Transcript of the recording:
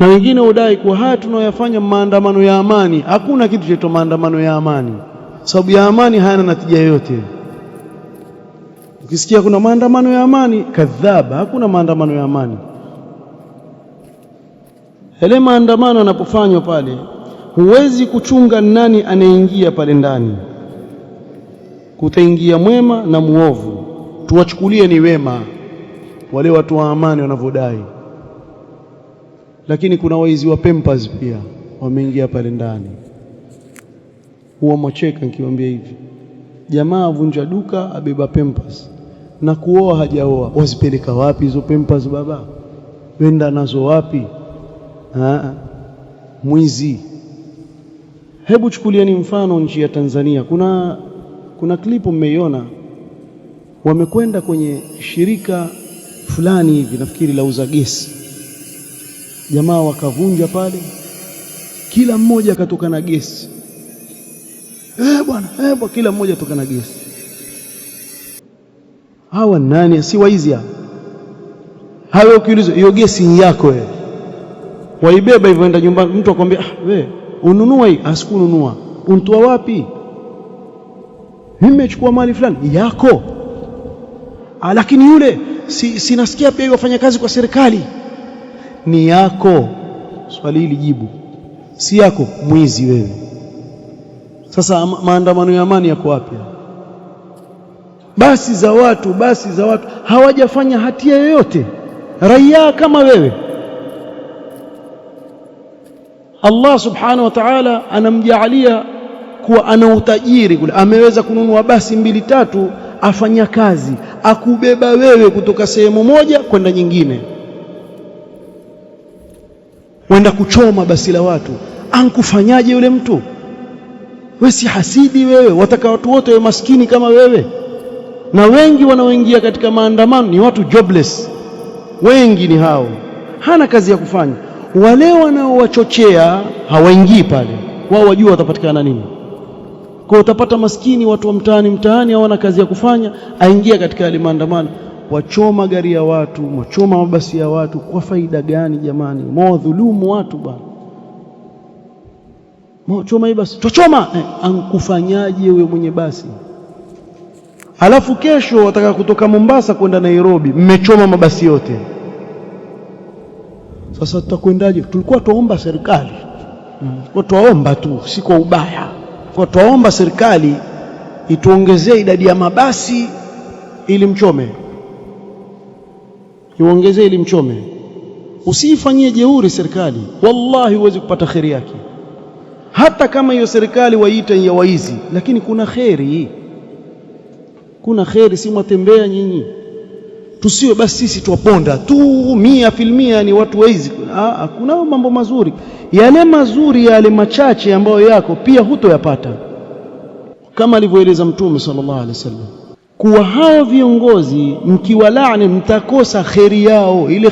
na wengine hudai kuwa haya tunayoyafanya maandamano ya amani. Hakuna kitu chaitwa maandamano ya amani, sababu ya amani hayana natija yoyote. Ukisikia kuna maandamano ya amani, kadhaba, hakuna maandamano ya amani. Yale maandamano yanapofanywa pale, huwezi kuchunga nani anayeingia pale ndani. Kutaingia mwema na muovu, tuwachukulie ni wema wale watu wa amani wanavyodai. Lakini kuna waizi wa Pampers pia wameingia pale ndani. Huwa mwacheka nikiwaambia hivi, jamaa avunja duka abeba Pampers na kuoa hajaoa, wazipeleka wapi hizo Pampers? Baba wenda nazo wapi? Aa, mwizi. Hebu chukulieni mfano nchi ya Tanzania. Kuna, kuna klipu mmeiona, wamekwenda kwenye shirika fulani hivi nafikiri lauza gesi Jamaa wakavunja pale, kila mmoja akatoka na gesi. Eh bwana, eh bwana, kila mmoja atoka na gesi. Hawa nani? Si waizi hapa hayo. ukiulizwa hiyo gesi ni yako wewe, waibeba hivyo, enda nyumbani, mtu akwambia, ah, wewe ununua hii? Asikununua, untoa wapi? Mimi nimechukua mali fulani yako. Ah, lakini yule si, sinasikia pia wafanya kazi kwa serikali ni yako. Swali hili jibu, si yako, mwizi wewe. Sasa maandamano ya amani yako wapi? Basi za watu, basi za watu, hawajafanya hatia yoyote, raia kama wewe. Allah subhanahu wa ta'ala anamjaalia kuwa ana utajiri kule, ameweza kununua basi mbili tatu, afanya kazi akubeba wewe kutoka sehemu moja kwenda nyingine wenda kuchoma basi la watu, ankufanyaje yule mtu? wewe si hasidi wewe, wataka watu wote wawe maskini kama wewe. Na wengi wanaoingia katika maandamano ni watu jobless, wengi ni hao, hana kazi ya kufanya. Wale wanaowachochea hawaingii pale, wao wajua watapatikana nini. Kwa utapata maskini, watu wa mtaani mtaani hawana kazi ya kufanya, aingia katika yale maandamano wachoma gari ya watu, wachoma mabasi ya watu kwa faida gani jamani? Mwadhulumu watu bwana, mwachoma hii basi, twachoma eh, ankufanyaje wewe mwenye basi? Alafu kesho wataka kutoka Mombasa kwenda Nairobi, mmechoma mabasi yote. Sasa tutakwendaje? Tulikuwa twaomba serikali, hmm, kwa twaomba tu, si kwa ubaya, kwa twaomba serikali ituongezee idadi ya mabasi ili mchome iongezee ili mchome. Usiifanyie jeuri serikali, wallahi huwezi kupata kheri yake, hata kama hiyo serikali waiita ya waizi, lakini kuna kheri, kuna kheri. Si mwatembea nyinyi, tusiwe basi sisi twaponda tu mia filmia ni watu waizi. Aa, ah, ah, kuna mambo mazuri, yale mazuri yale machache ambayo yako pia hutoyapata, kama alivyoeleza Mtume sallallahu alaihi wasallam kuwa hao viongozi mkiwalaani mtakosa kheri yao ile